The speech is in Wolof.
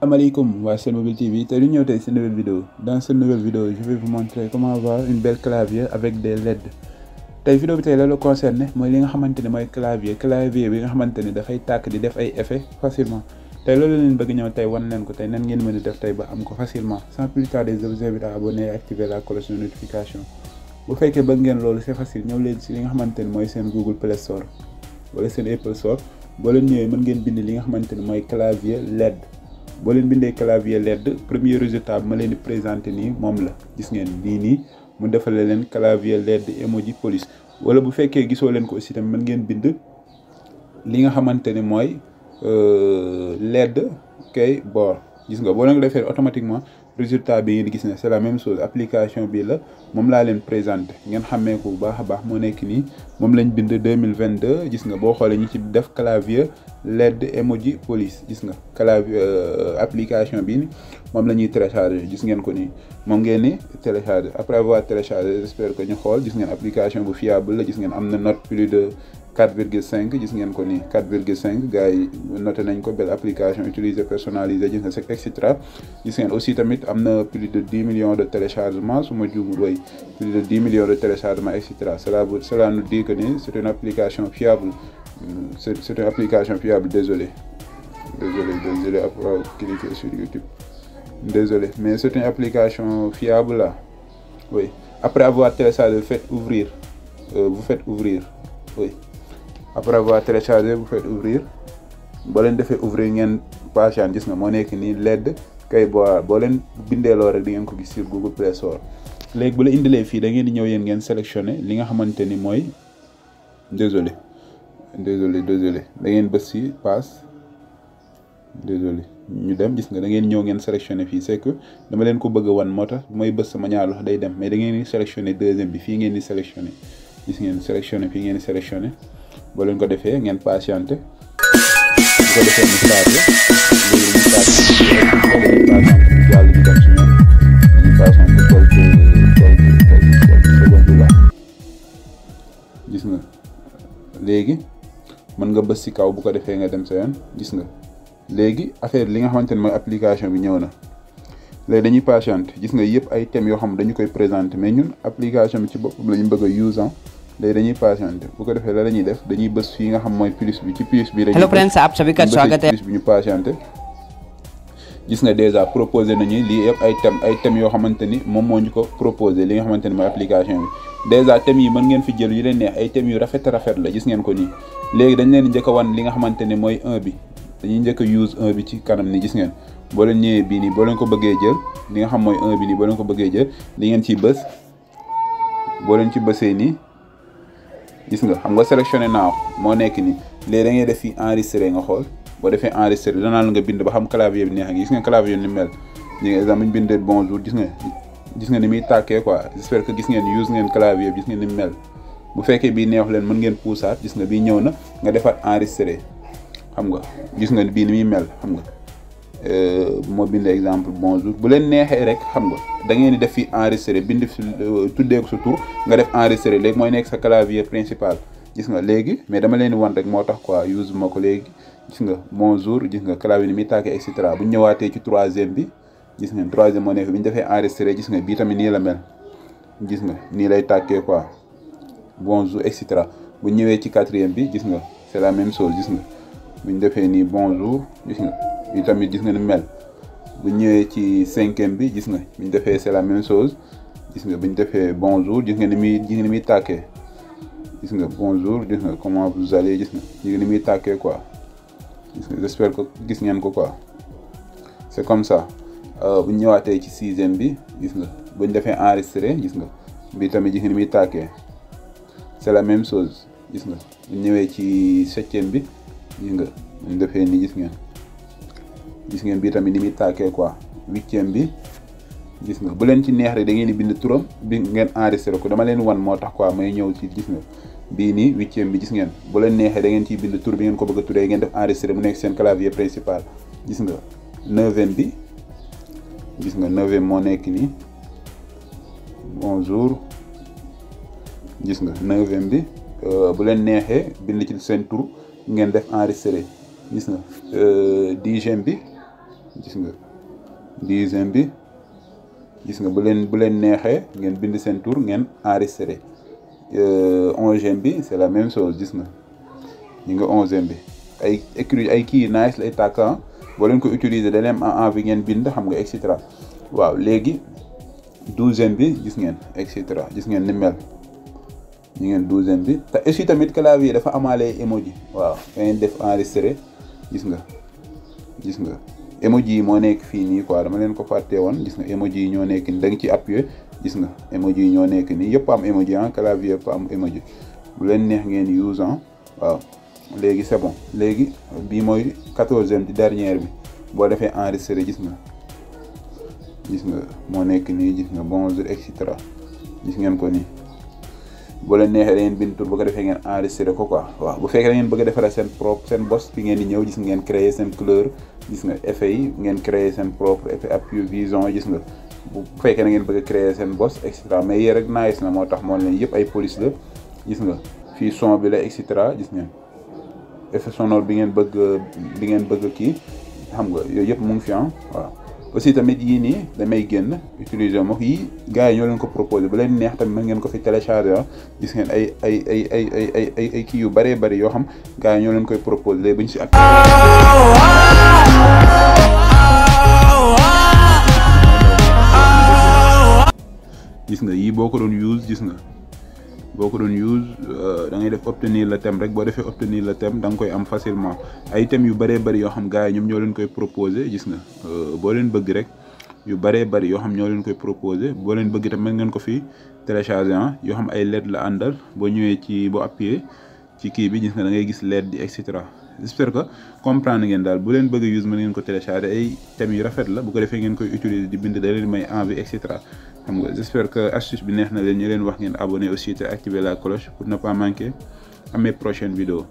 Assalamualaikum waa seen mobile TV tey ñu ñëw tey ci nouvelle vidéo dans cette nouvelle vidéo je vais vous montrer comment avoir une belle clavier avec des LED tey vidéo bi tey la concerne mooy li nga xamante ne clavier clavier bi nga xamante ne dafay tàkk di def ay effet facilement tey loolu leen bëgg ñëw tey wan leen ko tey nan ngeen mën a def tey ba am ko facilement sans plus tarder je vous invite à abonner et activer la cloche de notification bu fekkee bëgg ngeen loolu c'est facile ñëw leen ci li nga xamante ne mooy Google Play Store wala seen Apple Store boo leen ñëwee mën ngeen bind li nga xamante ne clavier LED boo leen bindee clavier LED premier résultat ma leen présenté nii moom la gisngeen ngeen nii mu defale leen clavier LED emoji police wala bu fekkee gisoo leen ko aussi tamit man ngeen bind li nga xamante ne mooy euh, LED key boor gis nga boo leen defee automatiquement résultat bi ngeen gis ne c'est la même chose application bi la moom laa leen présenté ngeen xàmmee ko bu baax a baax moo nekk ni moom lañ bind 2022 gis nga boo xoolee ñu ci def clavier LED emoji police gis nga clavier euh, application bi moom la ñuy télécharger gis ngeen ko nii moom ngeen ni télécharger après avoir téléchargé j'espère que ñu xool gis ngeen application bu fiable la gis ngeen am na note plus de 4,5, 5 gis ngeen ko ni belle application utilisée personnalisée gis nga etc aussi tamit am plus de 10 millions de téléchargements sur plus de 10 millions de téléchargements etc. cela cela nous dit que c'est une application fiable euh, c'est une application fiable désolé désolé désolé après cliquer sur YouTube désolé mais c'est une application fiable là oui après avoir téléchargé vous faites ouvrir euh, vous faites ouvrir oui après avoir téléchargé vous faites ouvrir boo leen defee ouvrir ngeen Pachan gis nga moo nekk nii ledd kay boire boo leen bindeeloo rek di ngeen ko gis sur Google Play Store léegi bu la indilee fii da ngeen di ñëw yéen ngeen sélectionné li nga xamante ni mooy désolé désolé désolé da ngeen bës si passe désolé ñu dem gis nga da ngeen ñëw ngeen sélectionné leen ko bëgg a wan moo tax mooy bës sama ñaar loxo day dem mais da ngeen sélectionné deuxième bi fii ngeen di sélectionné gis ngeen sélectionné fii ngeen di sélectionné boo leen ko defee ngeen patienté bu ko defee mu saatu léegi nga léegi si kaw bu ko defee nga dem sa yoon gis nga léegi affaire li nga xamante ne mooy application bi ñëw na léegi dañuy patiente gis nga yëpp ay thèmes yoo xam dañu koy présenté mais ñun application bi ci boppam la ñu bëgg a use léegi dañuy patienté bu ko defee la la ñuy def dañuy bës fii nga xam mooy plus bi ci plus bi. dañuy plus bi ñu patienté. gis nga déjà proposé nañu lii yëpp ay thème ay thèmes yoo xamante ni moom moo ñu ko proposé li nga xamante ni mooy application bi déjà thèmes yi mën ngeen fi jël yu leen neex ay thèmes yu rafet rafet la gis ngeen ko nii léegi dañ leen njëkk wan li nga xamante ni mooy 1 bi dañuy njëkk a use 1 bi ci kanam ni gis ngeen boo leen ñëwee bii nii boo leen ko bëggee jël li nga xam mooy 1 bi nii boo leen ko bëggee jël li ngeen ciy bës boo leen ci bësee nii gis nga xam nga sélectionné naa moo nekk ni léegi da ngay def fii enregistré nga xool boo defee enregistré danaa la nga bind ba xam clavier bi neex nga gis nga clavier ni mel ñu ngi exemple ñu bindee bonjour gis nga gis nga ni muy ngeen use ngeen clavier bi gis mel bu fekkee bi neex leen mën ngeen puusaat gis nga bii ñëw na nga defaat enregistré xam nga gis nga bii ni muy mel xam nga Euh, moo bind exemple bonjour bu len neexee rek xam nga da ngeen di def fi enregistrer bind fi euh, tuddee ko sa tur nga def enregistrer légui moy nekk sa clavier principal gis nga légui mais dama leen won rek motax quoi use mako légui gis nga bonjour gis nga clavier mi také tàkkee et cetera bu ñu ci 3e bi gis nga troisième moo nekk bi ñu défé enregistrer gis nga bi tamit nii la mel gis nga ni lay také quoi bonjour et cetera bu ñëwé ci 4e bi gis nga c'est la même chose gis nga bu ñu defee nii bonjour gis nga yi tamit gis nga ni mel bu ñëwee ci cinquième bi gis nga bu ñu defee c'est la même chose gis nga bu ñu defee bonjour gis nga ni muy gis nga ni muy tàkkee gis nga bonjour gis nga comment vous allez gis nga gis nga ni muy tàkkee quoi gis nga j'espère que gis ngeen ko quoi c'est comme ça euh, bu ñu ñëwaatee ci sixième bi gis nga bu ñu defee enregistré gis nga bi tamit gis nga ni muy tàkkee c'est la même chose gis nga bu ñëwee ci septième bi gis nga bu ñu defee ni gis ngeen. gis ngeen bii tamit ni muy tàkkee quoi huitième bi gis nga bu leen ci neex da ngeen di bind turam bi ngeen enregistré ko dama leen wan moo tax quoi may ñëw ci gis nga bii nii huitième bi gis ngeen bu leen neexee da ngeen ciy bind tur bi ngeen ko bëgg a turee ngeen def enregistré mu nekk seen clavier gis nga neuvième bi gis nga neuvième moo nekk nii bonjour gis nga neuvième bi euh, bu leen neexee bind ci seen tur ngeen def enregistré gis nga euh, dixième bi gis nga dixième bi gis nga bu leen bu leen neexee ngeen bind seen tour ngeen en enregistré euh, onzième bi c'est la même chose gis nga ñi nga onzième bi ay écrit ay kii nice lay tàkk ah. boo leen ko utiliser da leen am ngeen bind xam nga et cetera waaw léegi douzième bi gis ngeen et cetera gis ngeen ni mel ñu ngeen douzième bi te aussi tamit clavier dafa amaale emoji waaw da ngeen def enregistré gis nga gis nga. emoji mo nek nekk quoi dama len ko won gis nga emoji ño nek ni dang ci emoji emoji clavier am emoji bu ah, ah, c'est bon bi moy quatorzième di dernière bi bo défé enregistrer gis nga gis nga gis nga bonjour etc gis ko bu leen neexee da ngeen bind tur ko defee ngeen enregistré ko quoi waaw bu fekkee da ngeen bëgg a defaree seen propre seen bos fi ngeen di ñëw gis ngeen créer seen couleur gis nga effet yi ngeen créer seen propre effet appui vision gis nga bu fekkee na ngeen bëgg a créer seen bos et cetera mais yéen rek nice na moo tax moo leen yëpp ay police la gis nga fii son bi la et cetera gis ngeen effet sonore bi ngeen bëgg bi ngeen bëgg kii xam nga yooyu yëpp mu ngi fi am ah waaw aussi tamit yii nii damay génn utiliser moom yii gars yi ñoo leen ko proposé bu leen neex tamit ma ngeen ko fi télécharger gis ngeen ay ay ay ay ay ay ay kii yu bëree bëri yoo xam gars yi ñoo leen koy proposé léegi bu ñu si ak gis nga yii boo ko doon use gis nga Beaucoup de news, use euh, ngay def obtenir le thème rek boo defee obtenir le thème Donc nga koy am facilement ay thème yu bare bare yo xam gars ñom ñoom ñoo leen koy proposer gis nga euh, bo leen bëgg rek yu bare bare yo xam ñoo leen koy proposer bo leen bëgg tam ngeen ko fi télécharger ah xam ay LED la andal. bo ñëwé ci bo appuyé ci kii bi gis nga da ngay gis LED di etc j'espère que comprendre ngeen dal. bu leen bëgg use mën ngeen ko télécharger ay thème yu rafet la bu ko defé ngeen koy utiliser di bind da leen may envie etc j'espère que astuce bi neex na leen wax abonné aussi te activer la cloche pour ne pas manquer à mes prochaines vidéos